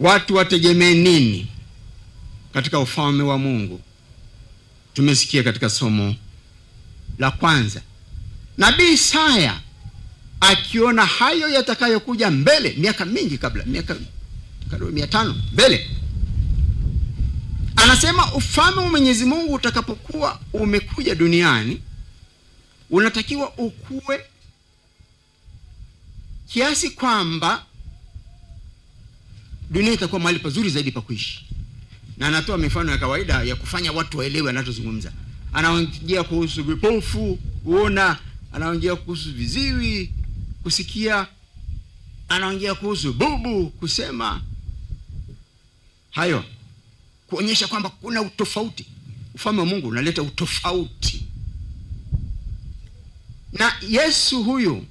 Watu wategemee nini katika ufalme wa Mungu? Tumesikia katika somo la kwanza nabii Isaya akiona hayo yatakayokuja mbele, miaka mingi kabla, miaka karibu mia tano mbele, anasema ufalme wa Mwenyezi Mungu utakapokuwa umekuja duniani unatakiwa ukue kiasi kwamba dunia itakuwa mahali pazuri zaidi pa kuishi. Na anatoa mifano ya kawaida ya kufanya watu waelewe anachozungumza. Anaongea kuhusu vipofu kuona, anaongea kuhusu viziwi kusikia, anaongea kuhusu bubu kusema. Hayo kuonyesha kwamba kuna utofauti. Ufalme wa Mungu unaleta utofauti. Na Yesu huyu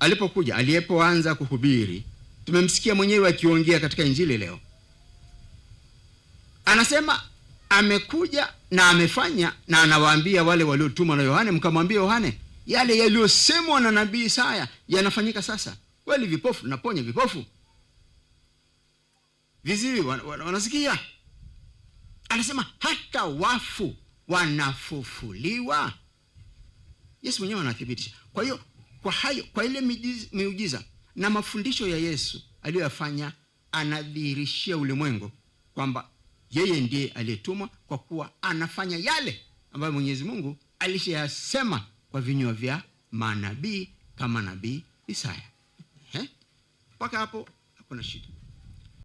alipokuja, alipoanza kuhubiri Tumemsikia mwenyewe akiongea katika Injili leo, anasema amekuja na amefanya na anawaambia wale waliotumwa na Yohane, mkamwambia Yohane yale yaliyosemwa na nabii Isaya yanafanyika sasa. Kweli vipofu naponya, vipofu viziwi wanasikia. Anasema hata wafu wanafufuliwa. Yesu mwenyewe anathibitisha. Kwa hiyo kwa hayo, kwa ile miujiza na mafundisho ya Yesu aliyoyafanya anadhihirishia ulimwengu kwamba yeye ndiye aliyetumwa, kwa kuwa anafanya yale ambayo Mwenyezi Mungu alishayasema kwa vinywa vya manabii kama nabii Isaya. Mpaka hapo hakuna shida.